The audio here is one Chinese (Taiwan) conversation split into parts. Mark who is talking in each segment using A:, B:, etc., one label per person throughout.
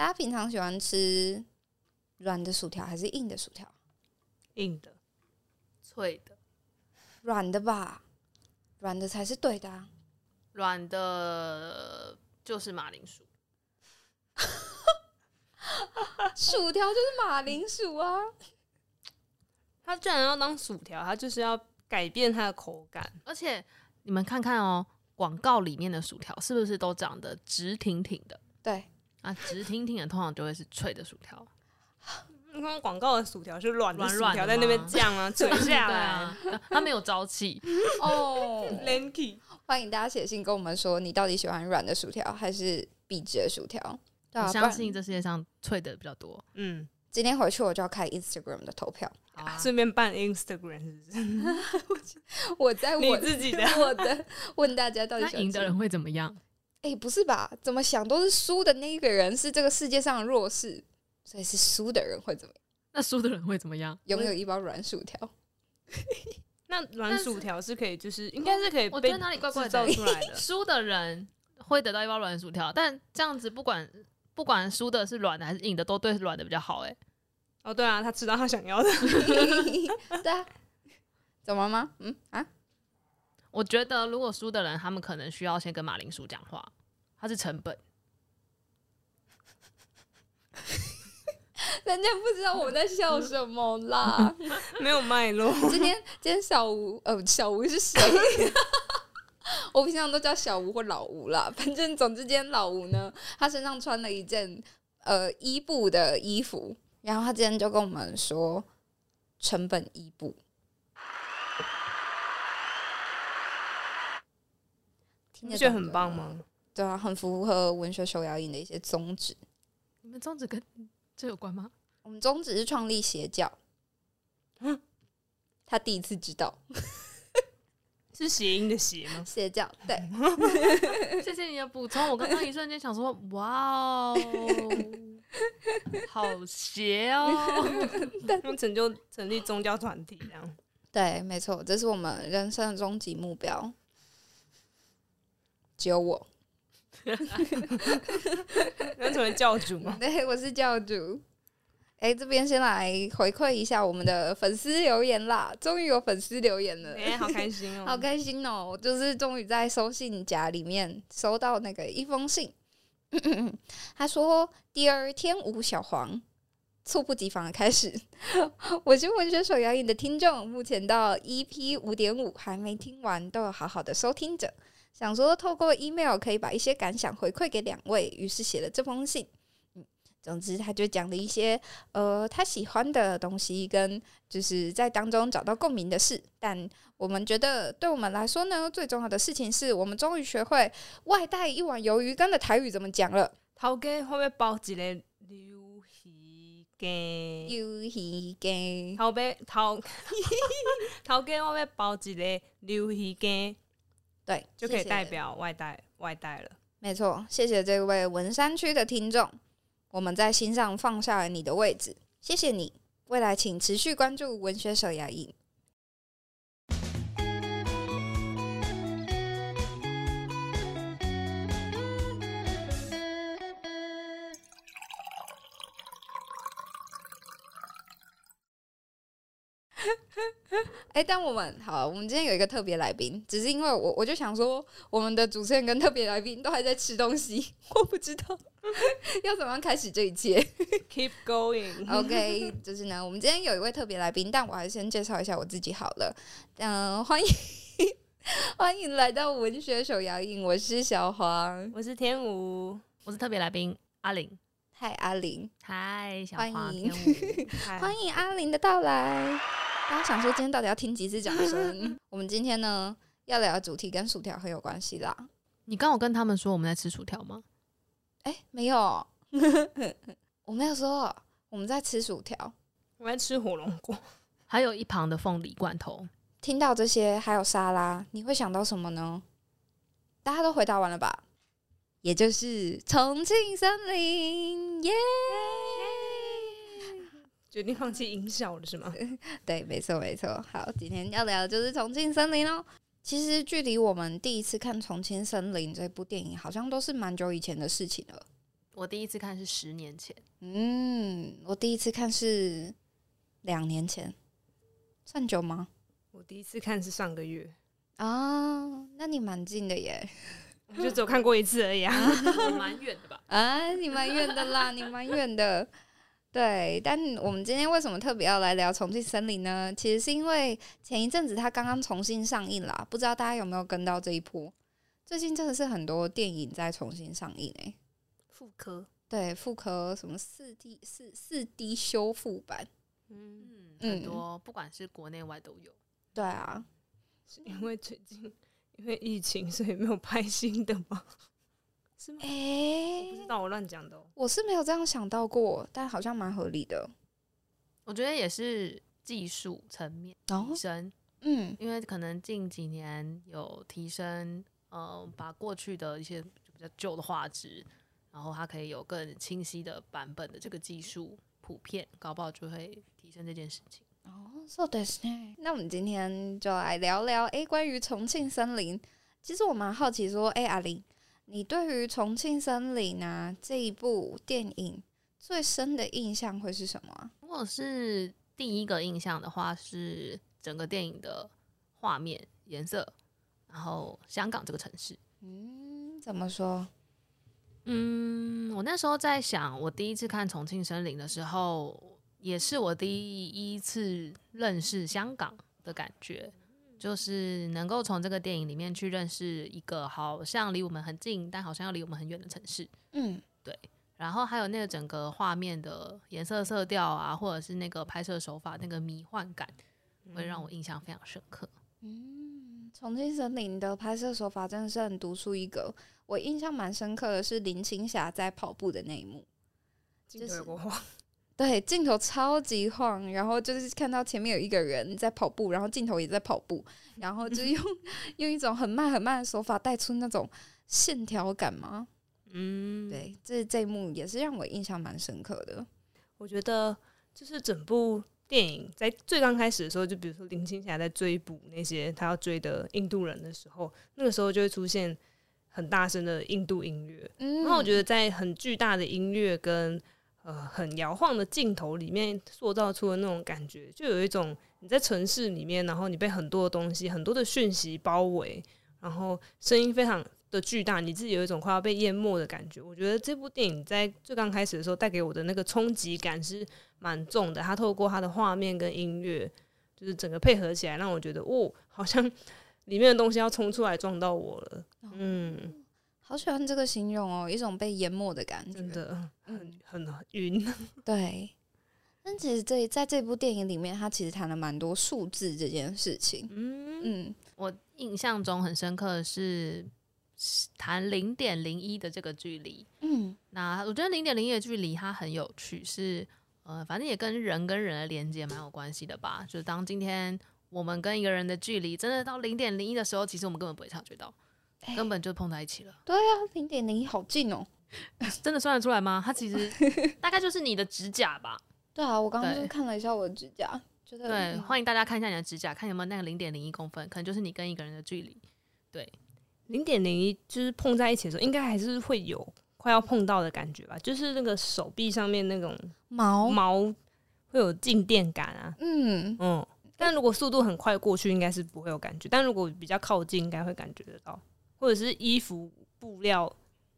A: 大家平常喜歡吃軟的薯條還是硬的薯條？硬的、脆的、軟的吧？軟的才是對的啊。
B: 軟的就是馬鈴薯，
C: 薯條就是馬鈴薯啊！它居然要當薯條，它就是要改變它的口感。而且你們看看
B: 哦，廣告裡面的薯條是不是都長得直挺挺的？對。啊，只是聽聽的通常就會是脆的薯條。
C: 你看廣告的薯條是軟的，薯條在那邊降啊，垂下來、 對啊，它沒有朝氣
A: 哦。Oh, Lanky，歡迎大家寫信跟我們說，你到底喜歡軟的薯條還是筆直的薯條？我相信這世界上脆的比較多。嗯，今天回去我就要開 Instagram 的投票，
C: 順、啊、便辦 Instagram，是不
A: 是？
C: 我在我問自己的我的
A: 問大家到底，那贏的人
C: 會怎麼樣？嗯
A: 哎、欸，不是吧？怎麼想都是輸的那一個人是這個世界上的弱勢，所以是輸的人會怎麼樣？那輸的人會怎麼樣？擁有，有一包軟薯條。
C: 那軟薯條是可以，就是，是應該是可以，我覺得哪裡怪
A: 怪的。造出來的輸
B: 的人會得到一包軟薯條，但這樣子不管不管輸的是軟的還是硬的，都對軟的比較好、欸。誒，哦，對啊，他吃到他想要的。
A: 對啊，
B: 怎麼了嗎？嗯啊。我覺得，如果輸的人，他們可能需要先跟馬鈴薯講話，他是成本。
A: 人家不知道我們在笑什麼啦， 沒有脈絡。今天，今天小吳，呃，小吳是誰？ 我平常都叫小吳或老吳啦，反正總之今天老吳呢，他身上穿了一件呃伊布的衣服，然後他今天就跟我們說，成本伊布。你覺得很棒嗎？對啊，很符合文學手搖椅的一些宗旨。你
B: 們宗旨跟這有關嗎？
A: 我們宗旨是創立邪教。嗯呵，他第一次知道
B: 是諧音的諧嗎？邪
C: 教，對。
B: 謝謝你的補充，我剛剛一
C: 瞬間想說，哇哦，好邪哦！ 但成就成立宗教團體這樣，
A: 對，沒錯，這是我們人生的終極目標。只有我，有什麼教主嗎？對，我是教主。哎、欸，這邊先來回饋一下我們的粉絲留言啦！終於有粉絲留言了，哎、欸，好開心哦、喔，好開心哦、喔！就是終於在收信夾裡面收到那個一封信， 他說 Dear 天吳小黃。猝不及防的開始， 我是文學手搖飲的聽眾，目前到 EP 五點五還沒聽完，都有好好的收聽着。想說透過 email 可以把一些感想回饋給兩位，於是寫了這封信。總之他就講了一些呃他喜歡的東西，跟就是在當中找到共鳴的事。但我們覺得對我們來說呢，最重要的事情是我們終於學會外帶一碗魷魚乾的台語怎麼講了。頭家後面包一個。鞭頭別頭，
C: 頭， 頭包起來，遊戲機，對，就可以代表外帶外帶了。了
A: 沒錯，謝謝這位文山區的聽眾，我們在心上放下了你的位置，謝謝你。未來請持續關注文學手牙印。哎、欸，但我們好、啊，我們今天有一個特別來賓，只是因為我我就想說，我們的主持人跟特別來賓都還在吃東西，我不知道 Okay. 要怎麼樣開始這一切。
C: Keep going，OK，、okay，
A: 就是呢，我們今天有一位特別來賓，但我還是先介紹一下我自己好了。嗯、呃，歡迎歡迎來到文學手搖印，我是小黃，我是天吳，我是特別來賓阿玲。嗨，阿玲，嗨，Hi, 小黃，天吳，歡迎阿玲的到來。剛剛想說今天到底要聽幾次掌聲？我們今天呢要聊的主題跟薯條很有關係啦。你剛有跟他們說我們在吃薯條嗎？哎、欸，沒有， 我沒有說我們在吃薯條，我們在吃火龍果，還
B: 有一旁的鳳梨罐頭。
A: 聽到這些還有沙拉，你會想到什麼呢？大家都回答完了吧？也就是重慶森林耶。Yeah! 決定放棄音效了是嗎？ 對，沒錯沒錯。好，今天要聊的就是《重慶森林》哦。其實距離我們第一次看《重慶森林》這部電影，好像都是蠻久以前的事情了。我第一次看是
B: 十
C: 年前。
A: 嗯，我第一次看是兩年前，算久嗎？
C: 我第一次看是上個月
A: 啊，那你蠻近的耶。 就
C: 只有看過一次而已啊。蠻
A: 遠的吧？啊，你蠻遠的啦，你蠻遠的。對，但我們今天為什麼特別要來聊《重慶森林》呢？其實是因為前一陣子它剛剛重新上映了，不知道大家有沒有跟到這一波？最近真的是很多電影在重新上映哎、欸，復刻，對，復刻，什麼四 D 四四 D 修復版，嗯，嗯，很多，不
B: 管是國內外都有。
A: 對啊，因為最近因為疫情，
C: 所以沒有拍新的嘛。是嗎？、欸、我不知道，我亂講的，
A: 喔。我是沒有這樣想到過，但好像蠻合理的。
C: 我覺得也是技術
B: 層面提升，哦、嗯，因為可能近幾年有提升，嗯、呃，把過去的一些比較舊的畫質，然後它可以有更清晰的版本的這個技術普遍，搞不好就會提升這件事情。哦
A: ，So that's it。那我們今天就來聊聊，哎、欸，關於重慶森林，其實我蠻好奇說，哎、欸，阿玲。你對於《重慶森林》啊呢這一部電影最深的印象會是什麼？如
B: 果是第一個印象的話，是整個電影的畫面、顏色，然後香港這個城市。嗯，怎麼說？嗯，我那時候在想，我第一次看《重慶森林》的時候，也是我第一次認識香港的感覺。就是能夠從這個電影裡面去認識一個好像離我們很近，但好像要離我們很遠的城市。嗯，對。然後還有那個整個畫面的顏色色調啊，或者是那個拍攝手法那個迷幻感，嗯、會讓我印象非常深刻。嗯，
A: 重慶森林的拍攝手法真的是很獨樹一格。我印象蠻深刻的是林青霞在跑步的那一幕，話，就是對，鏡頭超級晃，然後就是看到前面有一個人在跑步，然後鏡頭也在跑步，然後就用 用一種很慢很慢的手法帶出那種線條感嘛。嗯，對，這這一幕也是讓我印象蠻深刻的。我覺得就是整部電影在最剛開
C: 始的時候，就比如說林青霞在追捕那些她要追的印度人的時候，那個時候就會出現很大聲的印度音樂。嗯，然
B: 後我覺得在很
C: 巨大的音樂跟呃，很搖晃的鏡頭裡面塑造出的那種感覺，就有一種你在城市裡面，然後你被很多的東西、很多的訊息包圍，然後聲音非常的巨大，你自己有一種快要被淹沒的感覺。我覺得這部電影在最剛開始的時候帶給我的那個衝擊感是蠻重的，它透過它的畫面跟音樂，就是整個配合起來，讓我覺得，哦，好像裡面的東西要衝出來撞到我了。
A: 嗯。好喜歡這個形容哦，一種被淹沒的感覺，真
C: 的很、嗯、很暈。
A: 對，但其實這在這部電影裡面，他其實談了蠻多數字這件事情。嗯，
B: 嗯，我印象中很深刻的是談零點零一的這個距離。嗯，那我覺得零點零一的距離它很有趣，是呃，反正也跟人跟人的連接蠻有關係的吧。就是當今天我們跟一個人的距離真的到零點零一的時候，其實我們根本不會察覺到。欸、根本就碰在一起了。對啊，零點零一好近哦！真的算得出來嗎？它其實大概就是你的指甲吧。
A: 對啊，我剛剛就看了一下我的指甲，覺得。對，
B: 歡迎大家看一下你的指甲，看有沒有那個零點零一公分，可能就是你跟一個人的距離。
A: 對，
C: 零點零一就是碰在一起的時候，應該還是會有快要碰到的感覺吧？就是那個手臂上面那種
A: 毛毛
C: 會有靜電感啊。嗯嗯，但如果速度很快過去，應該是不會有感覺；但如果比較靠近，應該會感覺得到。或者是衣服布料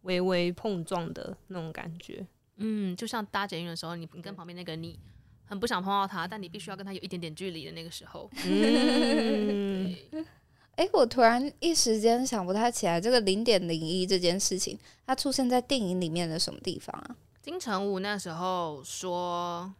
C: 微微碰撞的那種感覺，嗯，
B: 就像搭捷運的時候，你你跟旁邊那個你很不想碰到他，嗯、但你必須要跟他有一點點距離的那個時候。
A: 嗯，哎 對、欸，我突然一時間想不太起來，這個零點零一這件事情，它出現在電影裡面的什麼地方啊？金城
C: 武那時候說。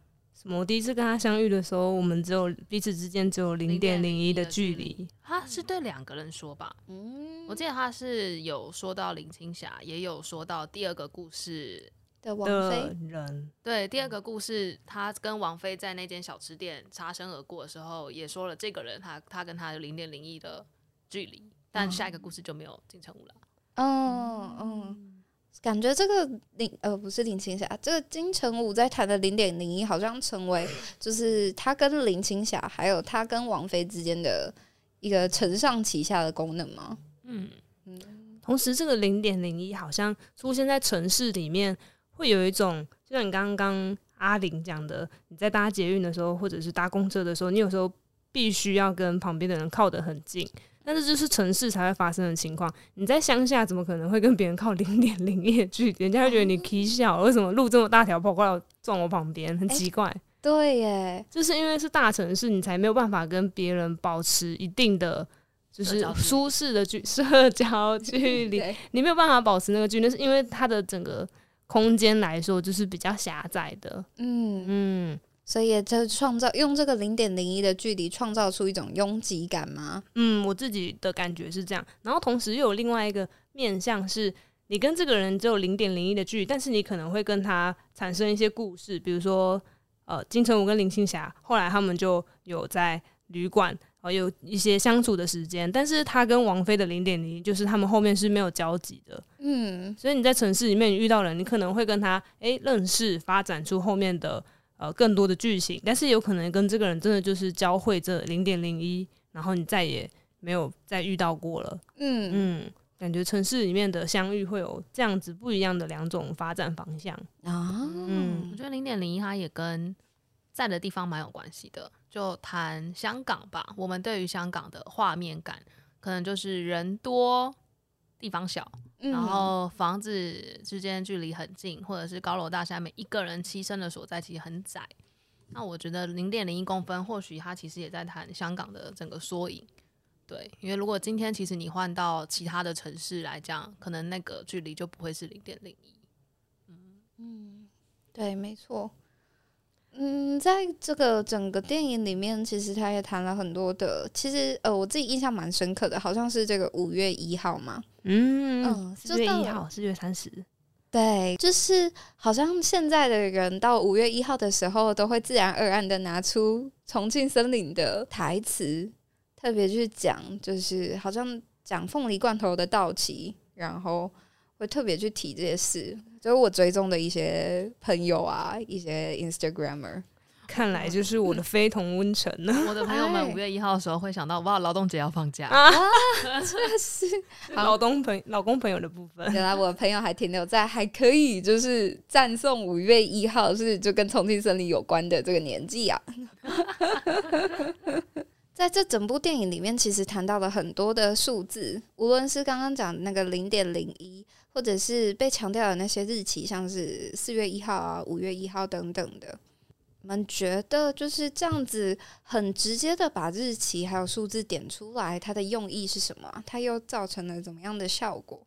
C: 我第一次跟他相遇的時候，我們只有彼此之間只有零點零一的距離。嗯嗯。
B: 他是對兩個人說吧？嗯，我記得他是有說到林青霞，也有說到第二個故事的王菲？的人。對，第二個故事，他跟王菲在那間小吃店擦身而過的時候，也說了這個人，他他跟他零點零一的距離。但下一個故事就沒有金
C: 城武
A: 了。嗯嗯。嗯嗯感覺這個林，呃，不是林青霞，這個金城武在談的零點零一，好像成為就是他跟林青霞，還有他跟王菲之間的一個承上啟下的功能嗎？嗯嗯。
C: 同時，這個零點零一好像出現在城市裡面，會有一種就像你剛剛阿玲講的，你在搭捷運的時候，或者是搭公車的時候，你有時候必須要跟旁邊的人靠得很近。但是就是城市才會發生的情況，你在鄉下怎麼可能會跟別人靠零點零一的距離？人家會覺得你奇小，為什麼路這麼大條跑過來撞我旁邊，很奇怪。欸、
A: 對耶，
C: 就是因為是大城市，你才沒有辦法跟別人保持一定的就是舒適的距社交距離， 對你沒有辦法保持那個距離，是因為它的整個空間來說就是比較狹窄的。
A: 嗯嗯。嗯所以也就，就創造用這個零點零一的距離創造出一種擁擠感嗎？
C: 嗯，我自己的感覺是這樣。然後，同時又有另外一個面向是，你跟這個人只有零點零一的距離，但是你可能會跟他產生一些故事，比如說，呃，金城武跟林青霞，後來他們就有在旅館，然、呃、後有一些相處的時間。但是他跟王菲的零點零一，就是他們後面是沒有交集的。嗯，所以你在城市裡面遇到人，你可能會跟他哎認識，發展出後面的。呃，更多的劇情，但是有可能跟這個人真的就是交匯這零點零一，然後你再也沒有再遇到過
B: 了。嗯
C: 嗯，感覺城市裡面的相遇會有這樣子不一樣的兩種發展方向啊。嗯，我覺得零點零
B: 一它也跟
C: 在的地方蠻有關係的。就談
B: 香港吧，我們對於香港的畫面感，可能就是人多，地方小。然後房子之間距離很近，或者是高樓大廈，每一個人棲身的所在其實很窄。那我覺得零點零一公分，或許它其實也在談香港的整個縮影。對，因為如果今天其實你換到其他的城市來講，可能那個距離就不會是零點零一。嗯，
A: 對，沒錯。嗯，在這個整個電影裡面，其實他也談了很多的。其實呃，我自己印象蠻深刻的，好像是這個五月一號嘛。嗯，四月一號，四月三十，嗯、對，就是好像現在的人到五月一號的時候，都會自然而然的拿出重慶森林的台詞，特別去講，就是好像講鳳梨罐頭的道奇，然後會特別去提這些事，就是我追蹤的一些朋友啊，一些 Instagrammer。
C: 看來就是我的非同溫層呢。我的朋友們五月
A: 一號的時候會想到唉哇，勞動節要放假啊！這是勞朋好老公朋友的部分。原來我的朋友還停留在還可以就是讚頌五月一號是就跟重慶森林有關的這個年紀啊。 在這整部電影裡面，其實談到了很多的數字，無論是剛剛講的那個零點零一，或者是被強調的那些日期，像是四月一號啊、五月一號等等的。我們覺得就是這樣子，很直接的把日期還有數字點出來，它的用意是什麼啊？它又造成了怎麼樣的效果？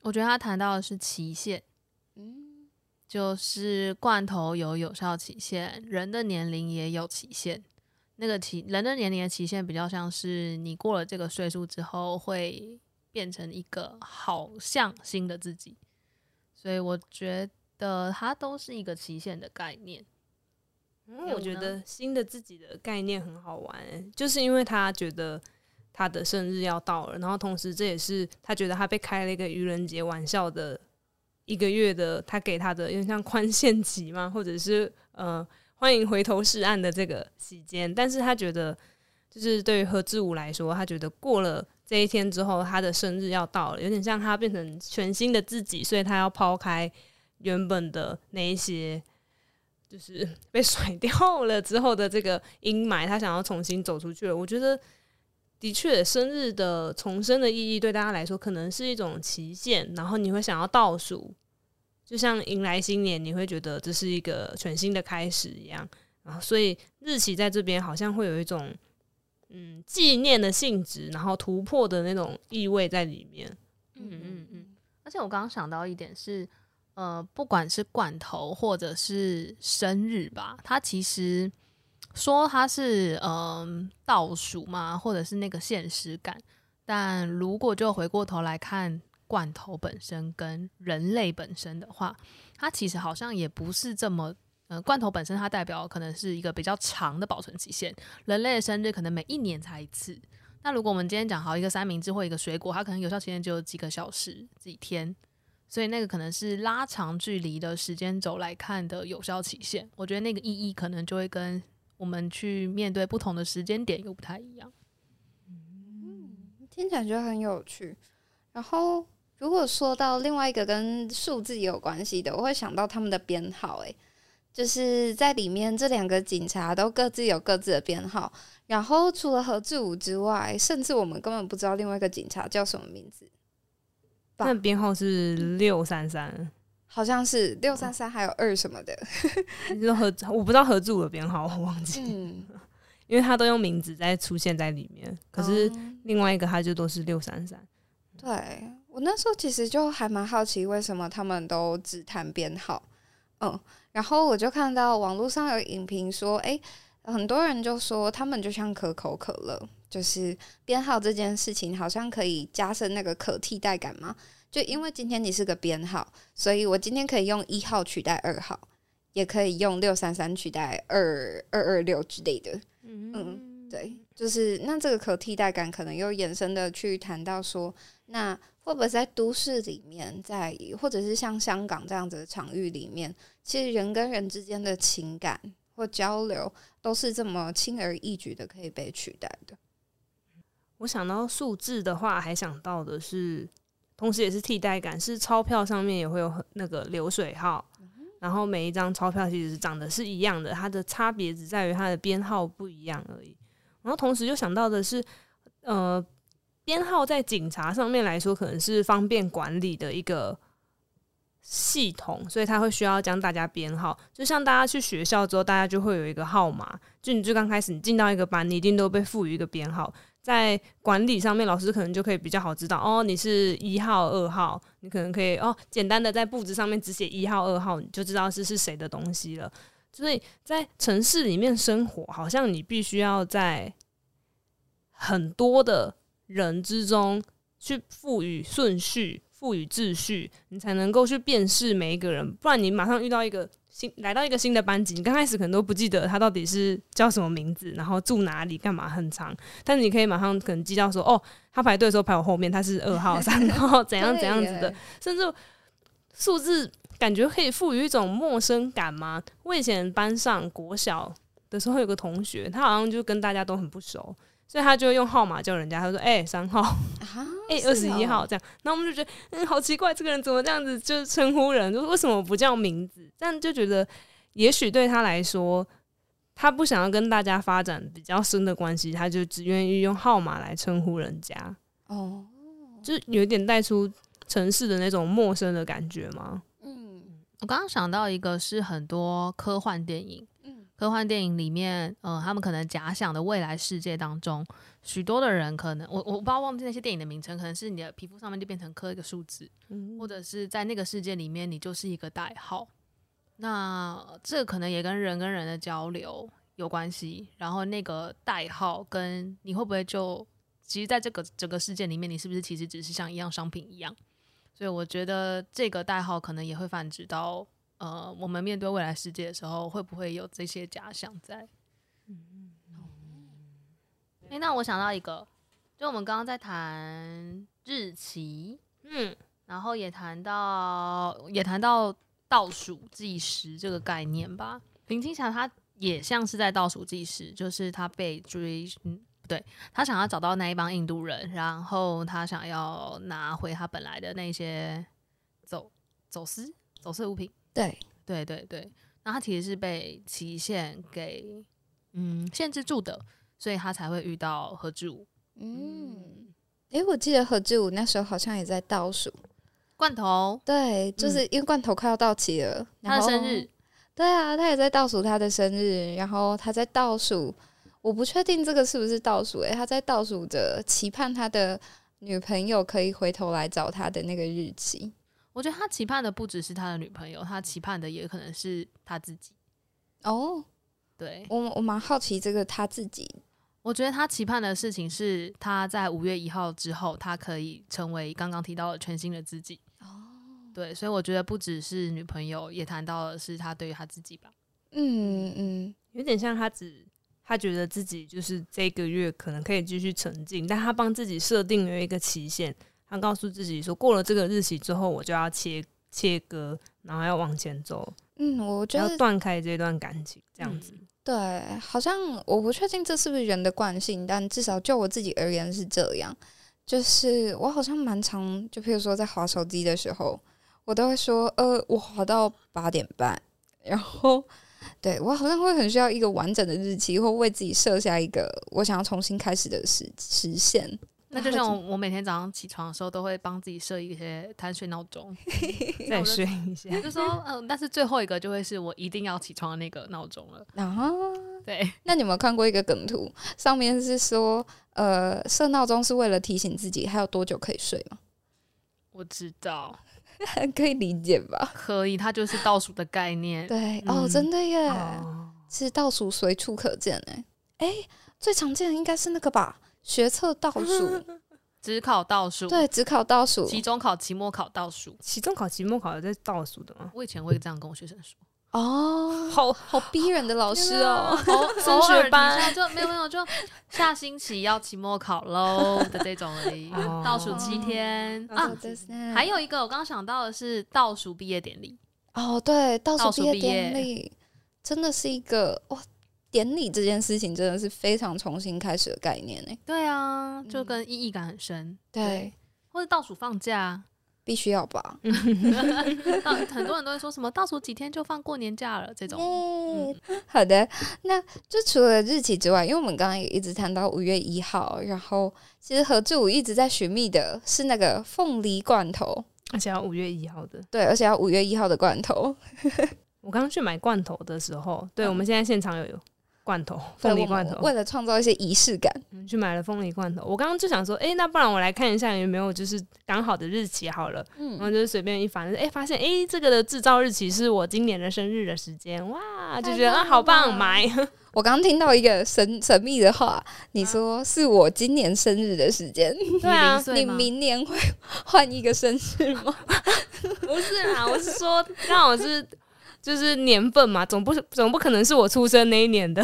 A: 我覺得它談到的是期限，嗯，就是
B: 罐頭有有效期限，人的年齡也有期限。那個期，人的年齡的期限比較像是你過了這個歲數之後，會變成一個好像新的自己。所以我覺得它都是一
C: 個期限的概念。嗯，我覺得新的自己的概念很好玩欸，就是因為他覺得他的生日要到了，然後同時這也是他覺得他被開了一個愚人節玩笑的一個月的，他給他的有點像寬限期嘛，或者是呃歡迎回頭是岸的這個時間。但是他覺得，就是對於何志武來說，他覺得過了這一天之後，他的生日要到了，有點像他變成全新的自己，所以他要拋開原本的那一些。就是被甩掉了之後的這個陰霾，他想要重新走出去了。我覺得，的確，生日的重生的意義對大家來說，可能是一種期限，然後你會想要倒數，就像迎來新年，你會覺得這是一個全新的開始一樣。然後，所以日期在這邊好像會有一種嗯紀念的性質，然後突破的那種意味在裡面。嗯
B: 嗯嗯，嗯。而且我剛剛想到一點是。呃，不管是罐頭或者是生日吧，它其實說它是呃倒數嘛，或者是那個現實感。但如果就回過頭來看罐頭本身跟人類本身的話，它其實好像也不是這麼呃，罐頭本身它代表可能是一個比較長的保存期限，人類的生日可能每一年才一次。那如果我們今天講好一個三明治或一個水果，它可能有效期限只有幾個小時、幾天。所以那個可能是拉長距離的時間軸來看的有效期限，我覺得那個意義可能就會跟我們去面對不同的時間點又不太一樣。
A: 嗯，聽起來就很有趣。然後如果說到另外一個跟數字有關係的，我會想到他們的編號、欸。誒，就是在裡面這兩個警察都各自有各自的編號。然後除了何志武之外，甚至我們根本不知道另外一個警察叫什麼名字。
C: 那編號是六三三，
A: 好像是六三三，還有二什麼的
C: 我不知道合住的編號，我忘記，嗯、因為他都用名字在出現在裡面，可是另外一個他就都是六三三。
A: 對,對我那時候其實就還蠻好奇，為什麼他們都只談編號？嗯，然後我就看到網絡上有影評說，誒、欸，很多人就說他們就像可口可樂。就是編號這件事情，好像可以加深那個可替代感嗎？就因為今天你是個編號，所以我今天可以用一號取代二號，也可以用六三三取代二二二六之類的。Mm hmm. 嗯，對，就是那這個可替代感可能又延伸的去談到說，那會不會在都市裡面，在或者是像香港這樣子的場域裡面，其實人跟人之間的情感或交流都是這麼輕而易舉的可以被取代的？
C: 我想到數字的話，還想到的是，同時也是替代感，是鈔票上面也會有那個流水號，嗯、哼然後每一張鈔票其實長得是一樣的，它的差別只在於它的編號不一樣而已。然後同時又想到的是，呃，編號在警察上面來說，可能是方便管理的一個系統，所以它會需要將大家編號，就像大家去學校之後，大家就會有一個號碼，就你就剛開始你進到一個班，你一定都被賦予一個編號。在管理上面，老師可能就可以比較好知道哦。你是一號、二號，你可能可以哦，簡單的在布置上面只寫一號、二號，你就知道這是是誰的東西了。所以在城市裡面生活，好像你必須要在很多的人之中去賦予順序、賦予秩序，你才能夠去辨識每一個人，不然你馬上遇到一個。來到一個新的班級，你剛開始可能都不記得他到底是叫什麼名字，然後住哪裡、幹嘛，很長。但是你可以馬上可能記到說，哦，他排隊的時候排我後面，他是二號、三號，怎樣怎樣子的， 耶甚至數字感覺可以賦予一種陌生感嗎？我以前班上國小的時候有個同學，他好像就跟大家都很不熟。所以他就會用號碼叫人家，他說：“哎、欸，三號，哎、啊，二十一號，的這樣。”那我們就覺得，嗯，好奇怪，這個人怎麼這樣子，就是稱呼人，就是為什麼不叫名字？但就覺得，也許對他來說，他不想要跟大家發展比較深的關係，他就只願意用號碼來稱呼人家。哦，就是有點帶出城市的那種陌生的感覺嗎？嗯，我剛剛想到一個，是很
B: 多科幻電影。科幻電影裡面，嗯、呃，他們可能假想的未來世界當中，許多的人可能我我我忘記那些電影的名稱，可能是你的皮膚上面就變成刻一個數字，嗯、哼或者是在那個世界裡面，你就是一個代號。那這可能也跟人跟人的交流有關係，然後那個代號跟你會不會就，其實在這個整個世界裡面，你是不是其實只是像一樣商品一樣？所以我覺得這個代號可能也會泛指到。呃，我們面對未來世界的時候，會不會有這些假想在？嗯，哎、欸，那我想到一個，就我們剛剛在談日期，嗯，然後也談到也談到倒數計時這個概念吧。林青霞她也像是在倒數計時，就是她被追，不、嗯、對，她想要找到那一幫印度人，然後她想要拿回她本來的那些走走私走私物品。對對對對，那他其實是被期限給嗯限制住的，所以他才會遇到何志武。
A: 嗯，誒、欸，我記得何志武那時候好像也在倒數罐頭，對，就是因為罐頭快要到期了，嗯，然後，他的生日。對啊，他也在倒數他的生日，然後他在倒數，我不確定這個是不是倒數誒、欸，他在倒數着期盼他的女朋友可以回頭來找他的那個日期。
B: 我覺得他期盼的不只是他的女朋友，他期盼的也可能是
A: 他自己。哦，對我我蠻好奇這個他自己。我
B: 覺得他期盼的事情是他在五月一號之後，他可以成為剛剛提到的全新的自己。哦，對，所以我覺得不只是女朋友，也談到的是他對於他
C: 自己吧。嗯嗯，嗯有點像他只他覺得自己就是這個月可能可以繼續沉浸，但他幫自己設定了一個期限。他告訴自己說，過了這個日期之後，我就要切切割，然後要往前走。
A: 嗯，我覺得要斷
C: 開這段感情，這樣子。嗯、
A: 對，好像我不確定這是不是人的慣性，但至少就我自己而言是這樣。就是我好像蠻常，就譬如說在滑手機的時候，我都會說，呃，我滑到八點半，然後 對我好像會很需要一個完整的日期，或為自己設下一個我想要重新開始的時時限。
B: 那就像我，每天早上起床的時候都會幫自己設一些貪睡鬧鐘，再睡一下。我 就說，嗯、呃，但是最後一個就會是我一定要起床的那個鬧鐘了。
A: 啊，對。那你有沒有看過一個梗圖，上面是說，呃，設鬧鐘是為了提醒自己還有多久可以睡嗎？
B: 我知道，
A: 可以理解吧？
B: 可以，它就是倒數的概念。對，哦，真
A: 的耶。嗯、是其實倒數隨處可見哎，哎、欸，最常見的應該是那個吧。學測倒數，只考倒數，對，只考倒數。期中
B: 考、期末考倒數，期中考、期末考的在倒數的嗎？我以前會這樣跟我學生說。
A: 哦，好好逼人的老師哦。升學班就沒有沒有，就
B: 下星期要期末考嘍的這種，而已。倒數七天啊。還有一個我剛剛想到的是倒數畢業典禮。
A: 哦，對，倒數畢業典禮真的是一個哇。典禮這件事情真的是非常重新開始的概念呢、欸。對
B: 啊，就跟意義感很深。嗯、對，或者倒數放假，
A: 必須要吧？
B: 很多人都會說什麼倒數幾天就放過年假
A: 了這種。Yeah, 嗯、好的，那就除了日期之外，因為我們剛剛也一直談到五月一號，然後其實何志武一直在尋覓的是那個鳳梨罐頭，
C: 而且要五月一號的。
A: 對，而且要五月一號的罐頭。
C: 我剛剛去買罐頭的時候，對、嗯、我們現在現場有有。罐頭，鳳梨對罐頭。為
A: 了創造一些儀式
C: 感，我們、嗯、去買了鳳梨罐頭。我剛剛就想說，哎，那不然我來看一下有沒有就是剛好的日期好了。嗯，然後就是隨便一翻，哎，發現哎，這個的製造日期是我今年的生日的時間，哇，就覺得啊，好棒，買。
A: 我剛剛聽到一個神神秘的話，啊、你說是我今年生日的時間，對啊，你明年會換一個生日嗎？ 不是啊，我是說，那我是。就是年
C: 份嘛，總不總不可能是我出生那一年的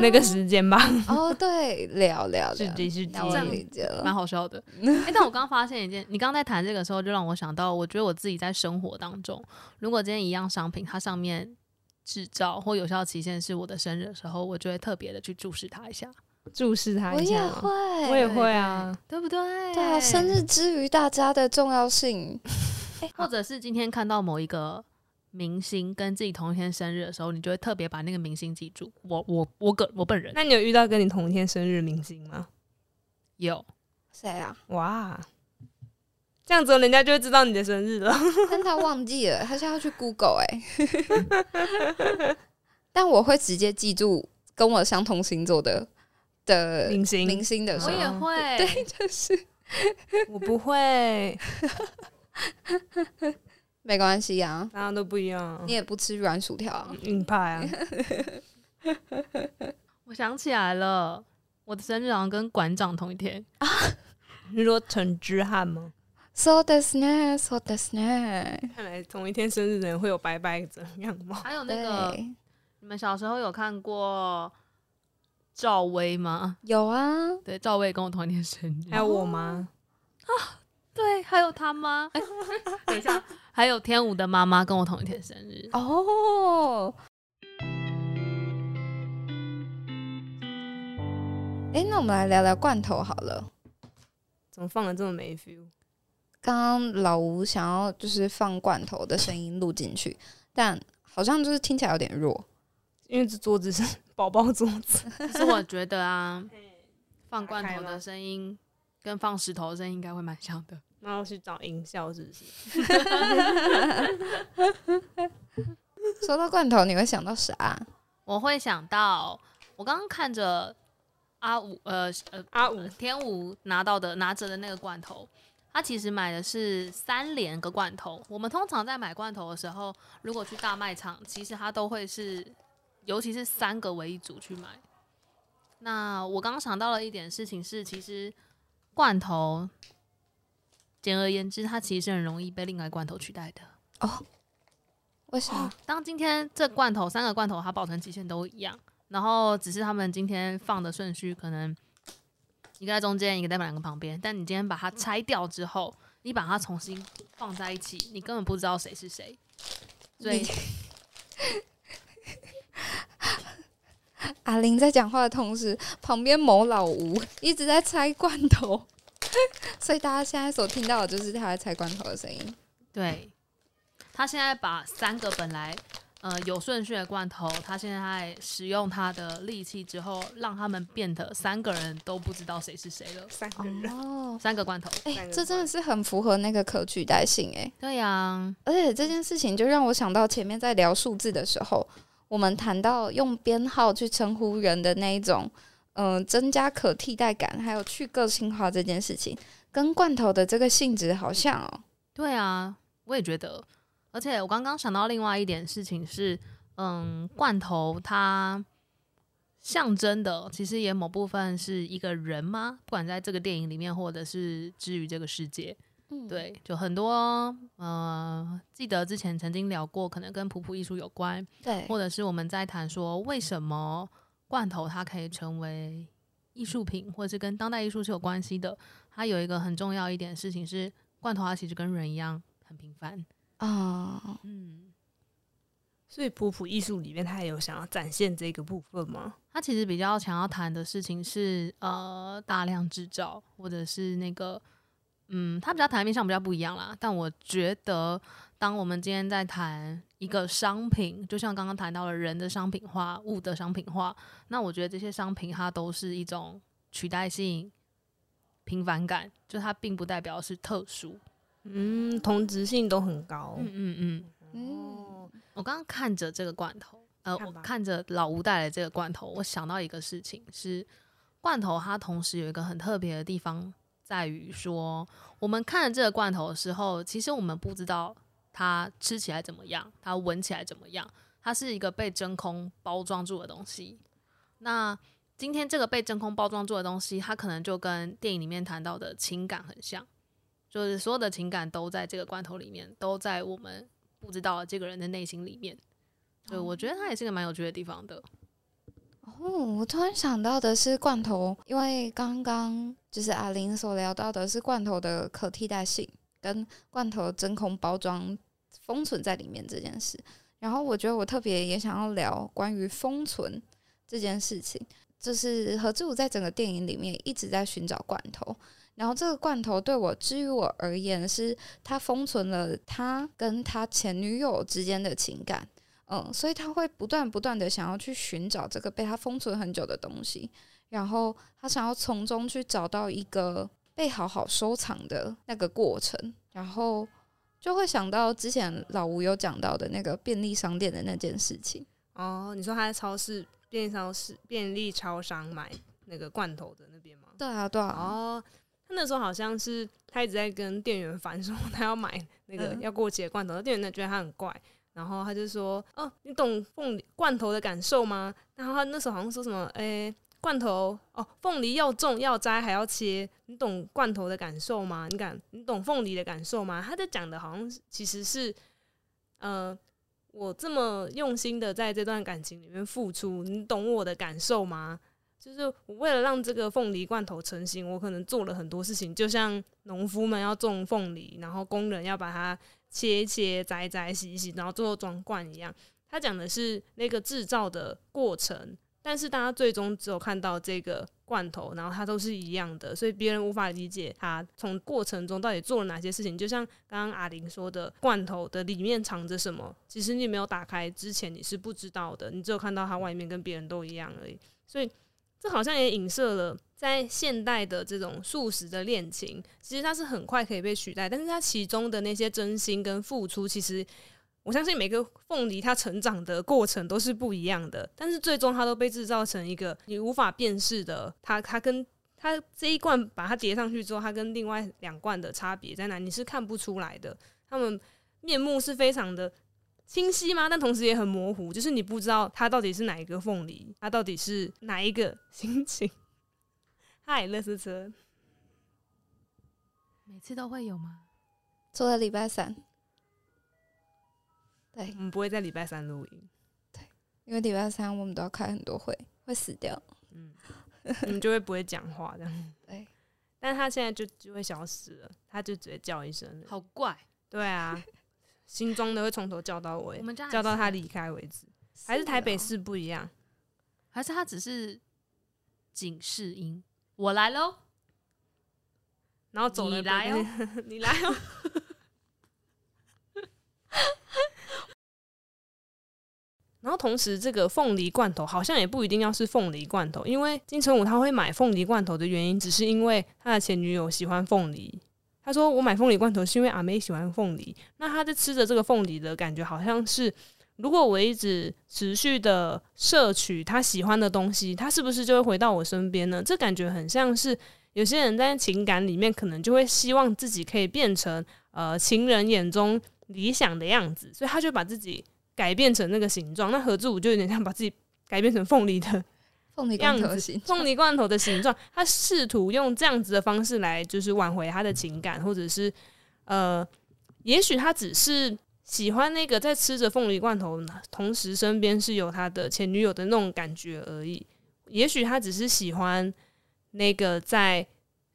C: 那個時間吧？哦、啊， oh, 對，聊
A: 聊，聊， 是是聊了這樣就蠻
C: 好笑的。
B: 哎、 欸，但我剛剛發現一件，你剛在談這個時候，就讓我想到，我覺得我自己在生活當中，如果今天一樣商品它上面製造或有效期限是我的生日的時候，我就會特別的去注視它一下，注視它一下。我也會，我也會啊，對，
A: 對不對？對啊，生日之於大家的重要性，
B: 或者是今天看到某一個。明星跟自己同一天生日的時候，你就會特別把那個明星記住。我我我個
C: 我本人，那你有遇到跟你同一天生日明
A: 星嗎？有誰啊？哇！
C: 這樣子人家就會知道你的生日了。
A: 但他忘記了， 他現在要去 Google 哎。但我會直接記住跟我相同星座的、的明星明星的時候。我也會，對，就是 我不會。 沒關係呀，大家都不一樣。你也不吃軟薯條，
C: 硬派啊！我想起來了，我的生日好像跟館長同一天啊。你說陳之漢嗎
A: ？So ですね，so ですね。看
C: 來同一天生日的人會有拜拜的樣貌。還有那
B: 個，你們小時候有看過趙薇嗎？有啊，對，趙薇跟我同一天生日，還有我嗎？啊，對，還有他嗎？
A: 等一下。
B: 還有天吳的媽媽跟我同一天生日哦。
A: 哎、欸，那我們來聊聊罐頭好了。
C: 怎麼放得這麼沒 feel？
A: 剛剛老吳想要就是放罐頭的聲音錄進去，但好像就是聽起來有點弱，
C: 因為這桌子是寶寶桌子。 可是我覺得啊，
B: 放罐頭的聲音跟放石頭的聲音應該會蠻像的。那我去找營銷，
C: 是
A: 不是？ 說到罐頭，你會想到啥？
B: 我會想到，我剛剛看着阿吳，呃嫵呃，阿吳天吳拿到的拿着的那個罐頭，他其實買的是三連個罐頭。我們通常在買罐頭的時候，如果去大賣場，其實他都會是，尤其是三個為一組去買。那我剛剛想到了一點事情是，其實罐頭。簡而言之，它其實是很容易被另外一罐頭取代的哦。為什麼？當今天這罐頭三個罐頭，它保存期限都一樣，然後只是他們今天放的順序可能一個在中間，一個在兩個旁邊。但你今天把它拆掉之後，嗯、你把它重新放在一起，你根本不知道誰是誰。所
A: 以，阿0、 啊、在講話的同時，旁邊某老吳一直在拆罐頭。 所以大家現在所聽到的，就是他在拆罐頭的聲音。對，
B: 他現在把三個本來呃有順序的罐頭，他現在使用他的力氣之後，讓他們變得三個人都不知道誰是誰了。三個人，三個罐頭，哎、欸，這真
A: 的是很符合那個可取代性哎、欸。對呀、啊，而且這件事情就讓我想到前面在聊數字的時候，我們談到用編號去稱呼人的那一種。嗯、呃，增加可替代感，還有去個性化這件事情，跟罐頭的這個性質好像哦。
B: 對啊，我也覺得。而且我剛剛想到另外一點事情是，嗯，罐頭它象徵的其實也某部分是一個人嗎？不管在這個電影裡面，或者是至於這個世界，嗯、對，就很多，呃，記得之前曾經聊過，可能跟普普藝術有關，對，或者是我們在談說為什麼。罐頭，它可以成為藝術品，嗯、或者是跟當代藝術是有關係的。它有一個很重要一點事情是，罐頭它其實跟人一樣很平凡啊。哦、嗯，
C: 所以普普藝術裡面，他也有想要展現這個部分嗎？
B: 他其實比較想要談的事情是，呃，大量製造或者是那個，嗯，他比較談的面向比較不一樣啦。但我覺得，當我們今天在談，一個商品，就像剛剛談到了人的商品化、物的商品化，那我覺得這些商品它都是一種取代性、平凡感，就它並不代表是特殊，嗯，同質性都很高，嗯嗯嗯。嗯嗯哦，我剛剛看着這個罐頭，呃，我看着老吳帶來這個罐頭，我想到一個事情，是罐頭它同時有一個很特別的地方，在於說，我們看着這個罐頭的時候，其實我們不知道。它吃起來怎麼樣？它聞起來怎麼樣？它是一個被真空包裝住的東西。那今天這個被真空包裝住的東西，它可能就跟電影裡面談到的情感很像，就是所有的情感都在這個罐頭裡面，都在我們不知道的這個人的內心裡面。對，我覺得它也是一個蠻有趣的地方的。
A: 哦，我突然想到的是罐頭，因為剛剛就是阿玲所聊到的是罐頭的可替代性。跟罐頭真空包裝封存在裡面這件事，然後我覺得我特別也想要聊關於封存這件事情，就是何志武在整個電影裡面一直在尋找罐頭，然後這個罐頭對我之於我而言是他封存了他跟他前女友之間的情感，嗯，所以他會不斷不斷的想要去尋找這個被他封存很久的東西，然後他想要從中去找到一個。被好好收藏的那個過程，然後就會想到之前老吳有講到的那個便利商店的那件事情
C: 哦。你說他在超市、便利超市、便利超商買那個罐頭的那邊
A: 嗎？對啊,對啊，對啊。哦，
C: 哦他那時候好像是他一直在跟店員反說他要買那個要過期的罐頭，uh huh. 店員呢覺得他很怪，然後他就說：“哦，你懂鳳梨罐頭的感受嗎？”然後他那時候好像說什麼，哎、欸。罐頭哦，鳳梨要種要摘還要切，你懂罐頭的感受嗎？你感你懂鳳梨的感受嗎？他在講的好像其實是，呃，我這麼用心的在這段感情裡面付出，你懂我的感受嗎？就是我為了讓這個鳳梨罐頭成型，我可能做了很多事情，就像農夫們要種鳳梨，然後工人要把它切一切，摘一摘，洗一洗，然後最後裝罐一樣。他講的是那個製造的過程。但是大家最終只有看到這個罐頭，然後它都是一樣的，所以別人無法理解他從過程中到底做了哪些事情。就像剛剛阿玲說的，罐頭的裡面藏着什麼，其實你沒有打開之前你是不知道的，你只有看到它外面跟別人都一樣而已。所以這好像也影射了，在現代的這種速食的戀情，其實它是很快可以被取代，但是它其中的那些真心跟付出，其實。我相信每個鳳梨它成長的過程都是不一樣的，但是最終它都被制造成一個你無法辨識的。它，它跟它這一罐把它疊上去之後，它跟另外兩罐的差別在哪？你是看不出來的。它們面目是非常的清晰嗎？但同時也很模糊，就是你不知道它到底是哪一個鳳梨，它到底是哪一個心情。
A: 嗨，意思 Presso，每次都會有嗎？坐在禮拜三。
C: 對，我們不會在禮拜三錄音。
A: 對，因為禮拜三我們都要開很多會，會死掉。嗯，
C: 你們就會不會講話這樣。對，但他現在就就會消失了，他就直接叫一聲。好怪。對啊，新裝的會從頭叫到尾，叫到他離開為止。還是台北市不一樣？
B: 還是他只是警示音？我來嘍，然後走了。你來喲，
C: 你來哦。然後同時，這個鳳梨罐頭好像也不一定要是鳳梨罐頭，因為金城武他會買鳳梨罐頭的原因，只是因為他的前女友喜歡鳳梨。他說：“我買鳳梨罐頭是因為阿妹喜歡鳳梨。”那他在吃着這個鳳梨的感覺，好像是如果我一直持續的攝取他喜歡的東西，他是不是就會回到我身邊呢？這感覺很像是有些人在情感裡面，可能就會希望自己可以變成呃情人眼中理想的樣子，所以他就把自己。改變成那個形狀，那何志武就有點像把自己改變成鳳梨的
A: 樣子，
C: 鳳梨罐頭的形狀。他試圖用這樣子的方式來，就是挽回他的情感，嗯、或者是呃，也許他只是喜歡那個在吃着鳳梨罐頭，同時身邊是有他的前女友的那種感覺而已。也許他只是喜歡那個在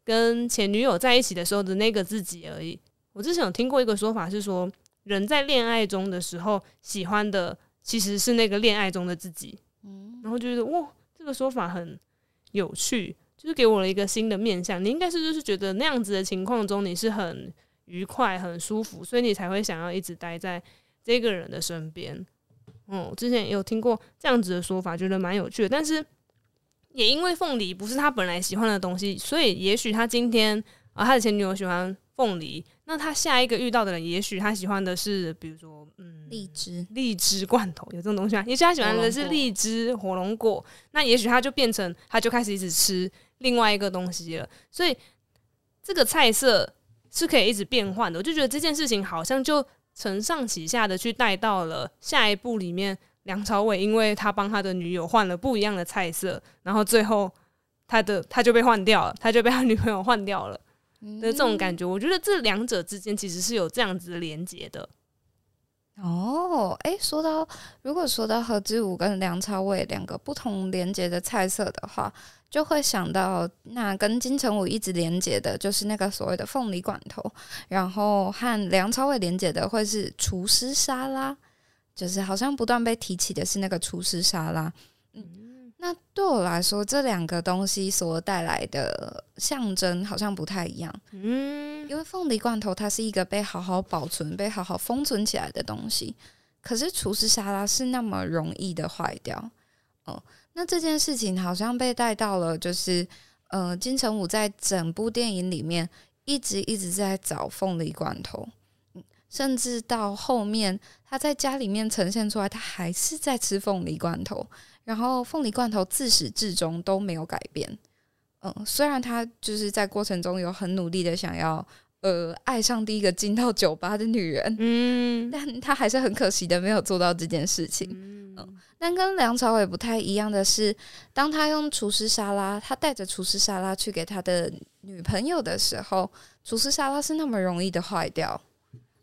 C: 跟前女友在一起的時候的那個自己而已。我之前有聽過一個說法是說。人在戀愛中的時候，喜歡的其實是那個戀愛中的自己，嗯，然後就覺得哇，這個說法很有趣，就是給我了一個新的面向。你應該是就是覺得那樣子的情況中，你是很愉快，很舒服，所以你才會想要一直待在這個人的身邊。嗯，之前有聽過這樣子的說法，覺得蠻有趣的。但是也因為鳳梨不是他本來喜歡的東西，所以也許他今天啊，他的前女友喜歡鳳梨。那他下一個遇到的人，也許他喜歡的是，比如說，嗯，荔枝，荔枝罐頭有這種東西啊。也許他喜歡的是荔枝、火龍果，火龍果，那也許他就變成他就開始一直吃另外一個東西了。所以這個菜色是可以一直變換的。我就覺得這件事情好像就承上啟下的去帶到了下一部裡面。梁朝偉因為他幫他的女友換了不一樣的菜色，然後最後他的他就被換掉了，他就被他女朋友換掉了。的這種感覺，嗯、我覺得這兩者之間其實是有這樣子的連接的。
A: 哦，哎、欸，說到如果說到何志武跟梁朝偉兩個不同連接的菜色的話，就會想到，那跟金城武一直連接的就是那個所謂的鳳梨罐頭，然後和梁朝偉連接的會是廚師沙拉，就是好像不斷被提起的是那個廚師沙拉，嗯。那對我來說，這兩個東西所帶來的象徵好像不太一樣。嗯，因為鳳梨罐頭它是一個被好好保存、被好好封存起來的東西，可是廚師沙拉是那麼容易的壞掉。哦，那這件事情好像被帶到了，就是呃，金城武在整部電影裡面一直一直在找鳳梨罐頭，甚至到後面他在家裡面呈現出來，他還是在吃鳳梨罐頭。然後，鳳梨罐頭自始至終都沒有改變。嗯，雖然他就是在過程中有很努力的想要，呃，愛上第一個進到酒吧的女人，嗯，但他還是很可惜的沒有做到這件事情。嗯、嗯，但跟梁朝偉不太一樣的是，當他用廚師沙拉，他帶着廚師沙拉去給他的女朋友的時候，廚師沙拉是那麼容易的壞掉。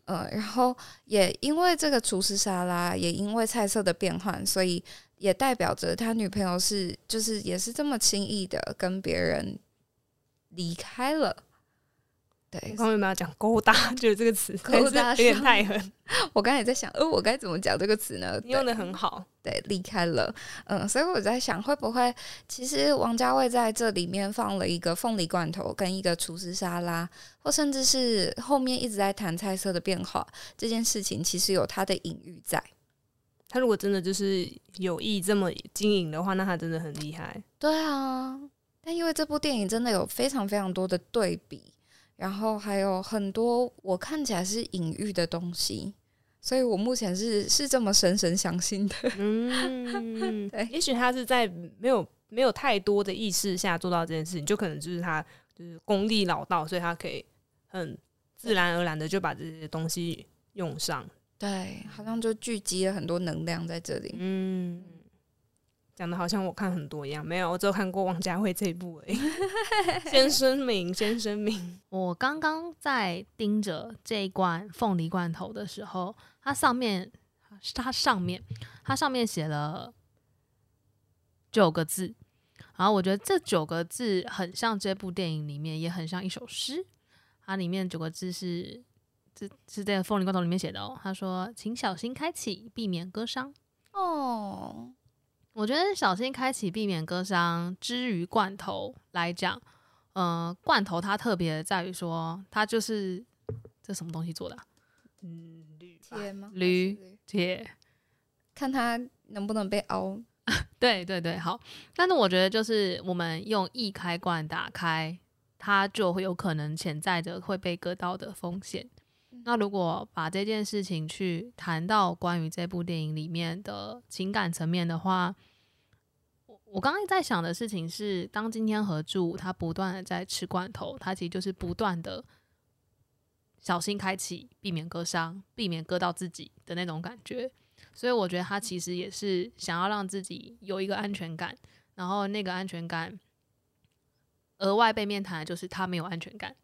A: 呃、嗯，然後也因為這個廚師沙拉，也因為菜色的變換，所以也代表着他女朋友是，就是也是這麼輕易的跟別人離開了。對後面我們要講勾搭，就是對這個詞，勾搭有點太狠。我剛才在想，呃，我該怎麼講這個詞呢？嗯、對用得很好，對，離開了，嗯，所以我在想，會不會其實王家衛在這裡面放了一個鳳梨罐頭跟一個廚師沙拉，或甚至是後面一直在談菜色的變化這件事情，其實有他的隱喻在。
C: 他如果真的就是有意這麼經營的話，那他真的很厲害。
A: 對啊，但因為這部電影真的有非常非常多的對比。然後還有很多我看起來是隱喻的東西，所以我目前是是這麼深深相信的。嗯，
C: 對，也許他是在沒有沒有太多的意識下做到這件事情，就可能就是他就是功力老道，所以他可以很自然而然的就把這些東西用上。
A: 對，好像就聚集了很多能量在這裡。嗯。
C: 講的好像我看很多一樣，沒有，我只有看過王家衛這一部 先聲明，先聲明，先聲明，我剛剛在盯着這一罐
B: 鳳梨罐頭的時候，它上面，它上面，它上面寫了九個字，然後我覺得這九個字很像這部電影裡面，也很像一首詩。它裡面九個字是，這是，是在鳳梨罐頭裡面寫的哦。他說：“請小心開啟，避免割傷。”哦。我覺得小心開啟，避免割傷。至於罐頭來講，嗯、呃，罐頭它特別在於說，它就是這是什麼東西做的、啊？
A: 嗯，鋁鐵嗎？鋁鐵，看它能不能被凹。
B: 對對對，好。但是我覺得就是我們用易開罐打開，它就會有可能潛在的會被割到的風險。那如果把這件事情去談到關於這部電影裡面的情感層面的話，我我剛剛在想的事情是，當今天合著他不斷的在吃罐頭，他其實就是不斷的小心開啟，避免割傷，避免割到自己的那種感覺。所以我覺得他其實也是想要讓自己有一個安全感，然後那個安全感額外被面談就是他沒有安全感，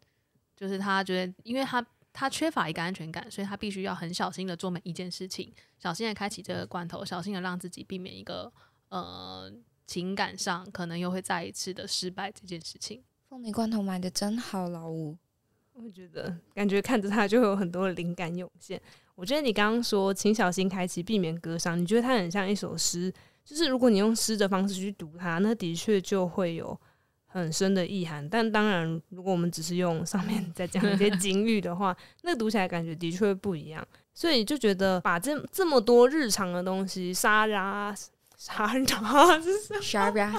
B: 就是他覺得因為他。他缺乏一個安全感，所以他必須要很小心的做每一件事情，小心的開啟這個罐頭，小心的讓自己避免一個呃情感上可能又會再一次的失敗這件事情。
A: 鳳梨罐頭買得真好，老吳，我覺得
C: 感覺看着它就會有很多靈感湧現。我覺得你剛剛說，請小心開啟，避免割傷，你覺得它很像一首詩，就是如果你用詩的方式去讀它，那的確就會有。很深的意涵，但當然，如果我們只是用上面再講一些金語的話， 那讀起來感覺的確不一樣。所以就覺得把這這麼多日常的東西，沙拉、沙拉、沙拉、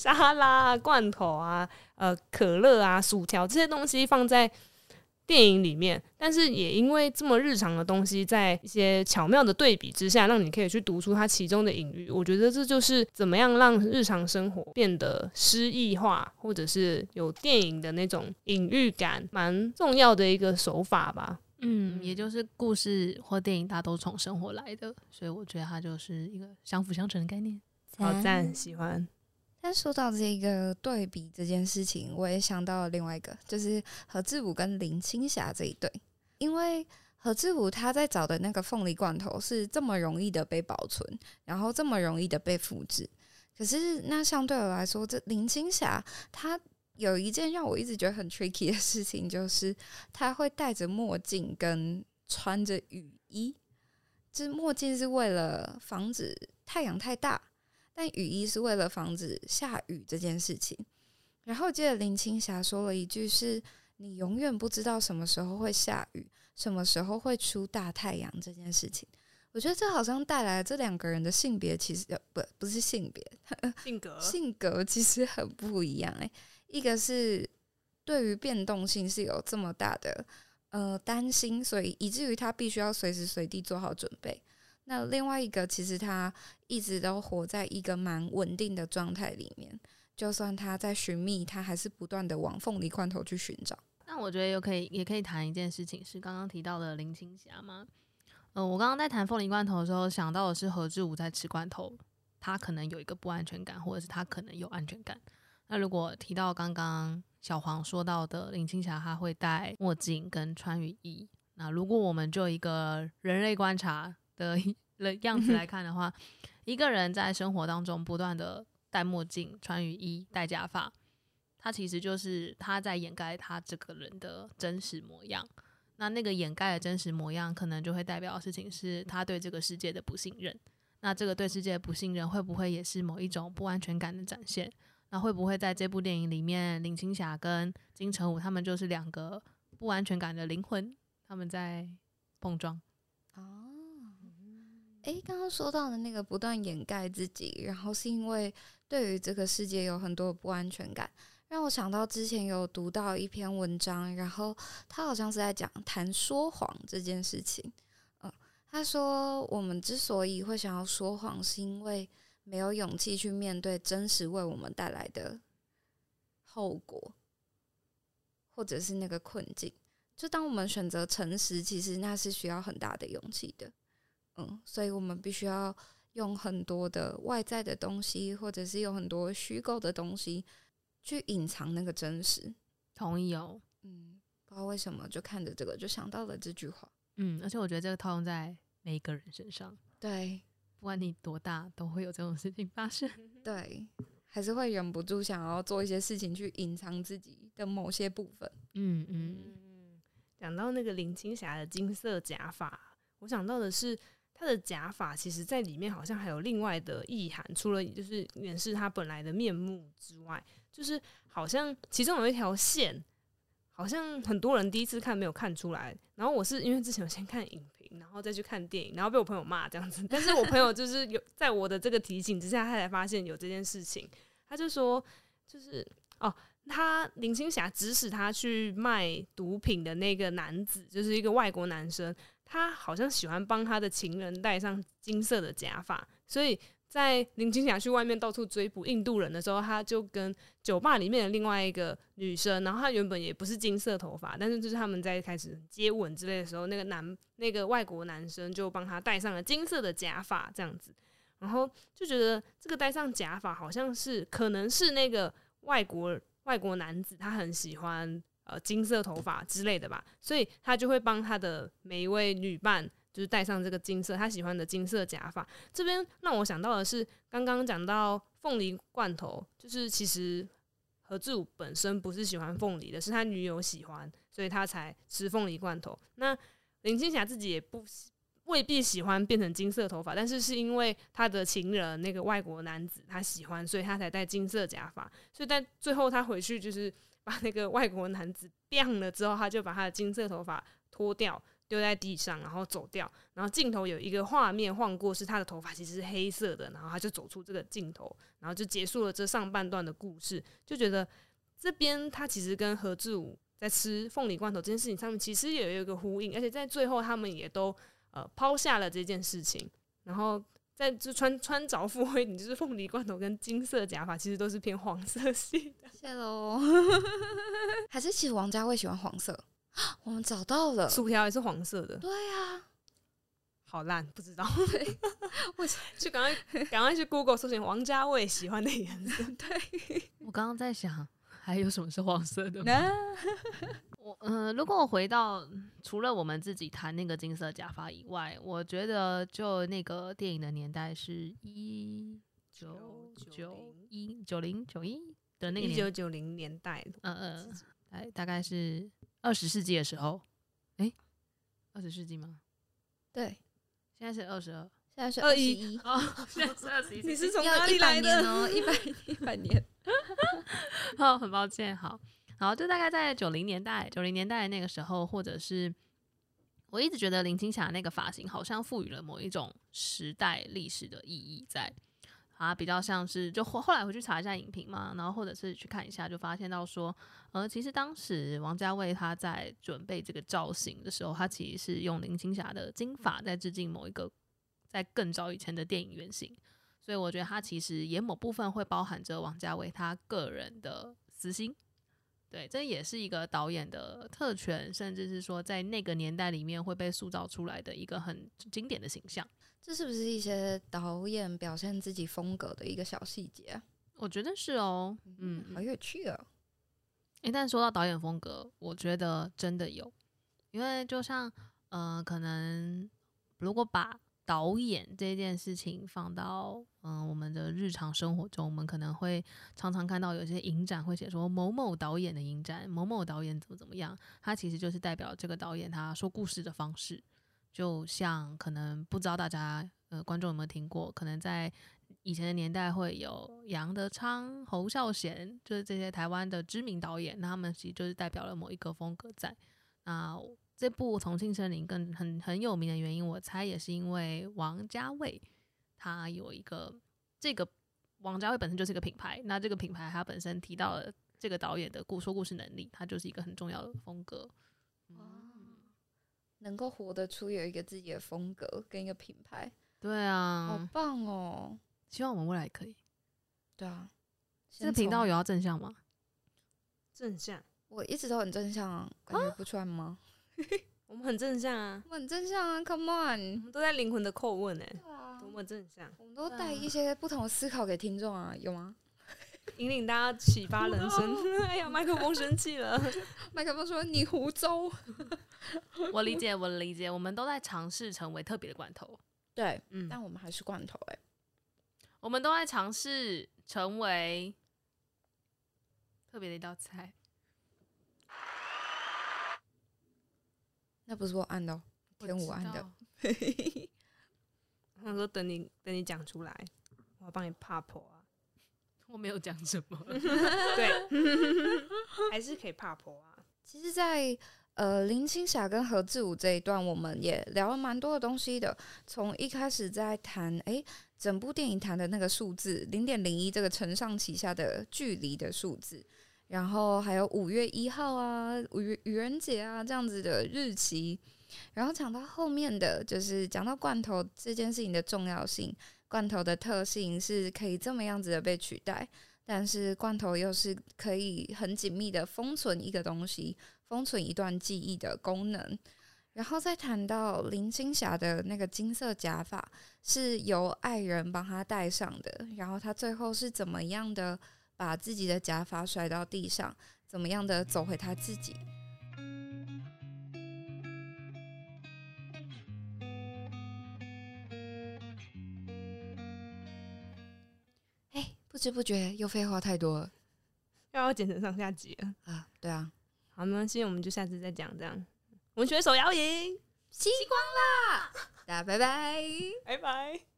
C: 沙拉、罐頭啊，呃，可樂啊，薯條這些東西放在電影裡面，但是也因為這麼日常的東西，在一些巧妙的對比之下，讓你可以去讀出它其中的隱喻。我覺得這就是怎麼樣讓日常生活變得詩意化，或者是有電影的那種隱喻感，蠻重要的一個手法吧。
B: 嗯，也就是故事或電影大都從生活來的，所以我覺得它就是一個相輔相成的概念。
A: 想好讚，喜歡。但說到這個對比這件事情，我也想到了另外一個，就是何志武跟林青霞這一對，因為何志武他在找的那個鳳梨罐頭是這麼容易的被保存，然後這麼容易的被複製。可是那相對我來說，這林青霞她有一件讓我一直覺得很 tricky 的事情，就是他會戴着墨鏡跟穿着雨衣，這、就是、墨鏡是為了防止太陽太大。但雨衣是為了防止下雨這件事情。然後接着林青霞說了一句是：“是你永遠不知道什麼時候會下雨，什麼時候會出大太陽。”這件事情，我覺得這好像帶來這兩個人的性別，其實呃不不是性別，
C: 性格性
A: 格其實很不一樣誒、欸，一個是對於變動性是有這麼大的呃擔心，所以以至於他必須要隨時隨地做好準備。那另外一個，其實他一直都活在一個蠻穩定的狀態裡面，就算他在尋覓，他還是不斷的往鳳梨罐頭去尋找。
B: 那我覺得也可以，也可以談一件事情，是剛剛提到的林青霞嗎？嗯、呃，我剛剛在談鳳梨罐頭的時候，想到的是何志武在吃罐頭，他可能有一個不安全感，或者是他可能有安全感。那如果提到剛剛小黃說到的林青霞，她會戴墨鏡跟穿雨衣。那如果我們就一個人類觀察，的樣子來看的話， 一個人在生活當中不斷的戴墨鏡、穿雨衣、戴假髮，他其實就是他在掩蓋他這個人的真實模樣。那那個掩蓋的真實模樣，可能就會代表事情是他對這個世界的不信任。那這個對世界的不信任，會不會也是某一種不安全感的展現？那會不會在這部電影裡面，林青霞跟金城武他們就是兩個不安全感的靈魂，他們在碰撞？哦
A: 誒，剛剛說到的那個不斷掩蓋自己，然後是因為對於這個世界有很多不安全感，讓我想到之前有讀到一篇文章，然後他好像是在講談說謊這件事情。嗯，他說我們之所以會想要說謊，是因為沒有勇氣去面對真實為我們帶來的後果，或者是那個困境。就當我們選擇誠實，其實那是需要很大的勇氣的。嗯，所以我們必須要用很多的外在的東西，或者是有很多虛構的東西，去隱藏那個真實。同意哦。嗯，不知道為什麼就看着這個就想到了這句話。嗯，而且我覺得這個套用在每一個人身上。對，不管你多大，都會有這種事情發生。 對，還是會忍不住想要做一些事情去隱藏自己的某些部分。嗯嗯嗯嗯，講到那個林青霞的
C: 金色假髮，我想到的是。他的假髮其實，在裡面好像還有另外的意涵，除了就是掩飾他本來的面目之外，就是好像其中有一條線，好像很多人第一次看沒有看出來。然後我是因為之前有先看影評，然後再去看電影，然後被我朋友罵這樣子。但是我朋友就是有在我的這個提醒之下，他才發現有這件事情。他就說，就是哦，他林青霞指使他去賣毒品的那個男子，就是一個外國男生。他好像喜歡幫他的情人戴上金色的假髮，所以在林青霞去外面到處追捕印度人的時候，他就跟酒吧裡面的另外一個女生，然後他原本也不是金色頭髮，但是就是他們在開始接吻之類的時候，那個男那個外國男生就幫他戴上了金色的假髮，這樣子，然後就覺得這個戴上假髮好像是可能是那個外國外國男子他很喜歡。呃，金色頭髮之類的吧，所以他就會幫他的每一位女伴，就是戴上這個金色，他喜歡的金色假髮。這邊讓我想到的是，剛剛講到鳳梨罐頭，就是其實何志武本身不是喜歡鳳梨的，是他女友喜歡，所以他才吃鳳梨罐頭。那林青霞自己也不未必喜歡變成金色頭髮，但是是因為他的情人那個外國男子他喜歡，所以他才戴金色假髮。所以在最後他回去就是。把那個外國男子晾了之後，他就把他的金色頭髮脫掉丟在地上，然後走掉。然後鏡頭有一個畫面晃過，是他的頭髮其實是黑色的。然後他就走出這個鏡頭，然後就結束了這上半段的故事。就覺得這邊他其實跟何志武在吃鳳梨罐頭這件事情上面其實也有一個呼應，而且在最後他們也都呃拋下了這件事情，然後。但就穿穿着腹灰，你就是鳳梨罐頭跟金色的假髮，其實都是偏黃色系
A: 的。謝謝嘍， 還是其實王家衛喜歡黃色。我們找到了，薯條也是黃色的。對呀、啊，好爛，不知道。
C: 我就趕快趕快去 Google 搜尋王家衛喜歡的顏色。
B: 對，我剛剛在想，還有什麼是黃色的呢？ 我嗯、呃，如果我回到除了我們自己談那個金色假髮以外，我覺得就那個電影的年代是一九
C: 九一九零九一，90, 對的那個年一九九零年代，嗯嗯，哎、
B: 呃，是大概是二十世紀的時候，哎、欸，二十世紀嗎？對，現在是二十二，現在是二十一，哦， 現在
C: 是二
A: 十一，你是從哪裡來的？一百年哦，一百一
C: 百年，
B: 好，很抱歉，好。好，就大概在九零年代，九零年代的那個時候，或者是我一直覺得林青霞那個髮型好像賦予了某一種時代歷史的意義在啊，比較像是就後後來回去查一下影評嘛，然後或者是去看一下，就發現到說，呃，其實當時王家衛他在準備這個造型的時候，他其實是用林青霞的金髮在致敬某一個在更早以前的電影原型，所以我覺得他其實也某部分會包含着王家衛他個人的私心。對，這也是一個導演的特權，甚至是說在那個年代裡面會被塑造出來的一個很經典的形象。
A: 這是不是一些導演表現自己風格的一個小細節？
B: 我覺得是哦，嗯，好有趣哦。一旦說到導演風格，我覺得真的有，因為就像，嗯，可能如果把。導演這件事情放到嗯、呃、我們的日常生活中，我們可能會常常看到有些影展會寫說某某導演的影展，某某導演怎麼怎麼樣，他其實就是代表這個導演他說故事的方式。就像可能不知道大家呃觀眾有沒有聽過，可能在以前的年代會有楊德昌、侯孝賢，就是這些台灣的知名導演，那他們其實就是代表了某一個風格在那。這部《重慶森林》更很很有名的原因，我猜也是因為王家衛，他有一個這個王家衛本身就是一個品牌，那這個品牌他本身提到了這個導演的故說故事能力，他就是一個很重要的風格。
A: 哦嗯、能夠活得出有一個自己的風格跟一個品牌，
B: 對啊，好棒哦！希望我們未來可以。對啊，這個頻道有要正向嗎？
A: 正向，我一直都很正向，感覺不出來嗎？啊 我們很正向啊，我們很正向啊，Come on，我們都在靈魂的叩問哎、
C: 欸，啊、多麼很正向！我們都帶一些
A: 不同的思考給聽眾啊，有嗎？
C: 引領大家啟發人生。哦、 哎呀，麥
A: 克風生氣
B: 了，
A: 麥克風說你胡謅。
B: 我理解，我理解，我們都在嘗試成為特別的罐頭，
A: 對，嗯，但我們還是罐頭哎、欸。
B: 我們都在嘗試成為特別的一道菜。
A: 那不是我按的，是天吳按的。
C: 他說：等、等你等你講出來，
A: 我幫你怕婆啊。
C: 我沒有講什麼， 對， 還是可以怕婆啊。其實在，在
A: 呃林青霞跟何志武這一段，我們也聊了蠻多的東西的。從一開始在談，哎、欸，整部電影談的那個數字零點零一，這個承上啟下的距離的數字。然後還有五月一號啊，五月愚人節啊這樣子的日期。然後講到後面的就是講到罐頭這件事情的重要性，罐頭的特性是可以這麼樣子的被取代，但是罐頭又是可以很緊密的封存一個東西，封存一段記憶的功能。然後再談到林青霞的那個金色假髮是由愛人幫她戴上的，然後她最後是怎麼樣的？把自己的假髮甩到地上，怎麼樣的走回他自己？哎、欸，不知不覺又廢話太多了，
C: 要又要剪成上下集了啊！對啊，好，沒關係，我們就下次再講這樣。我們選手要贏，
A: 吸光啦！大家拜拜，拜拜。
C: 拜拜。